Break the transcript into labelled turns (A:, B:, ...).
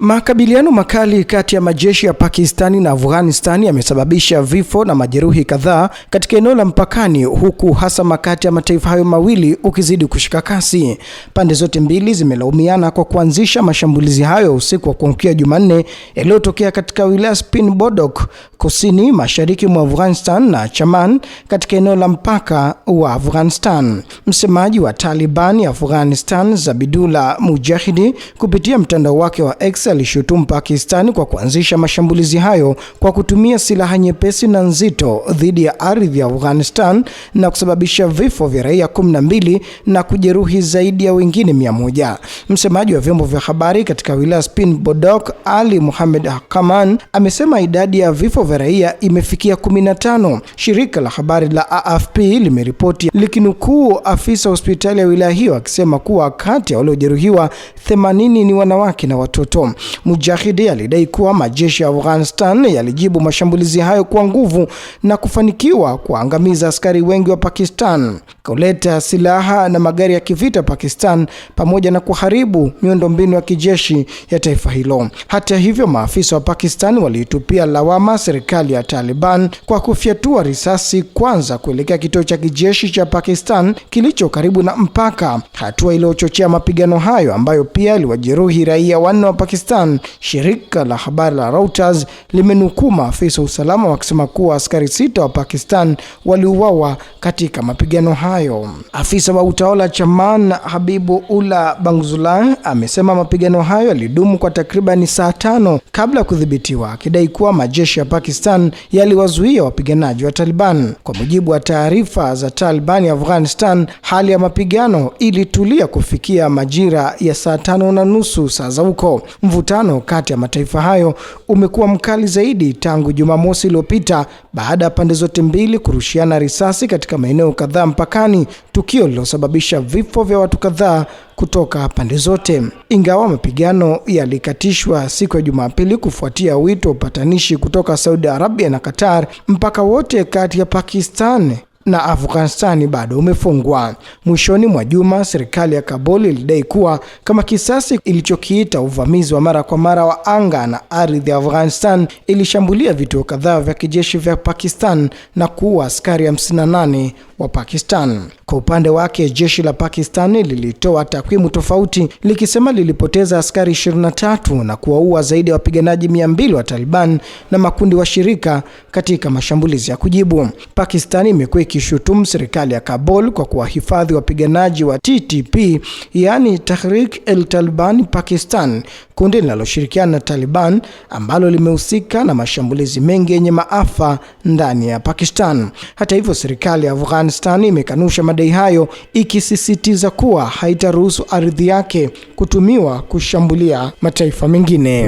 A: Makabiliano makali kati ya majeshi ya Pakistani na Afghanistani yamesababisha vifo na majeruhi kadhaa katika eneo la mpakani, huku hasa kati ya mataifa hayo mawili ukizidi kushika kasi. Pande zote mbili zimelaumiana kwa kuanzisha mashambulizi hayo usiku wa kuamkia Jumanne yaliyotokea katika wilaya Spin Bodok, kusini mashariki mwa Afghanistan na Chaman katika eneo la mpaka wa Afghanistan. Msemaji wa Taliban ya Afghanistan, Zabidullah Mujahidi, kupitia mtandao wake wa X alishutumu Pakistani kwa kuanzisha mashambulizi hayo kwa kutumia silaha nyepesi na nzito dhidi ya ardhi ya Afghanistan na kusababisha vifo vya raia 12 na kujeruhi zaidi ya wengine 100. Msemaji wa vyombo vya habari katika wilaya Spin Bodok, Ali Muhammad hakaman amesema idadi ya vifo vya raia imefikia 15. Shirika la habari la AFP limeripoti likinukuu afisa hospitali ya wilaya hiyo akisema kuwa kati ya waliojeruhiwa 80 ni wanawake na watoto. Mujahidi alidai kuwa majeshi ya Afghanistan yalijibu mashambulizi hayo kwa nguvu na kufanikiwa kuangamiza askari wengi wa Pakistan, kuleta silaha na magari ya kivita Pakistan, pamoja na kuharibu miundombinu ya kijeshi ya taifa hilo. Hata hivyo, maafisa wa Pakistan waliitupia lawama serikali ya Taliban kwa kufyatua risasi kwanza kuelekea kituo cha kijeshi cha Pakistan kilicho karibu na mpaka, hatua iliyochochea mapigano hayo ambayo pia iliwajeruhi raia wanne wa Pakistan Pakistan, shirika la habari la Reuters limenukuu maafisa wa usalama wakisema kuwa askari sita wa Pakistan waliuawa katika mapigano hayo. Afisa wa utawala Chaman Habibu Ula Bangzulan amesema mapigano hayo yalidumu kwa takribani saa tano kabla ya kudhibitiwa, akidai kuwa majeshi ya Pakistan yaliwazuia wapiganaji wa Taliban. Kwa mujibu wa taarifa za Taliban ya Afghanistan, hali ya mapigano ilitulia kufikia majira ya saa tano na nusu saa za huko. Mvutano kati ya mataifa hayo umekuwa mkali zaidi tangu Jumamosi iliyopita baada ya pande zote mbili kurushiana risasi katika maeneo kadhaa mpakani, tukio lililosababisha vifo vya watu kadhaa kutoka pande zote. Ingawa mapigano yalikatishwa siku ya Jumapili kufuatia wito wa upatanishi kutoka Saudi Arabia na Qatar, mpaka wote kati ya Pakistan na Afghanistani bado umefungwa. Mwishoni mwa juma, serikali ya Kabul ilidai kuwa kama kisasi ilichokiita uvamizi wa mara kwa mara wa anga na ardhi ya Afghanistan, ilishambulia vituo kadhaa vya kijeshi vya Pakistan na kuua askari 58 wa Pakistan. Kwa upande wake, jeshi la pakistan lilitoa takwimu tofauti likisema lilipoteza askari 23 na kuwaua zaidi ya wapiganaji 200 wa Taliban na makundi washirika katika mashambulizi ya kujibu. Pakistan imekuwa ikishutumu serikali ya Kabul kwa kuwahifadhi wapiganaji wa TTP, yaani Tahrik el Taliban Pakistan, kundi linaloshirikiana na Taliban ambalo limehusika na mashambulizi mengi yenye maafa ndani ya Pakistan. Hata hivyo, serikali ya Afghanistan imekanusha madai hayo, ikisisitiza kuwa haitaruhusu ardhi yake kutumiwa kushambulia mataifa mengine.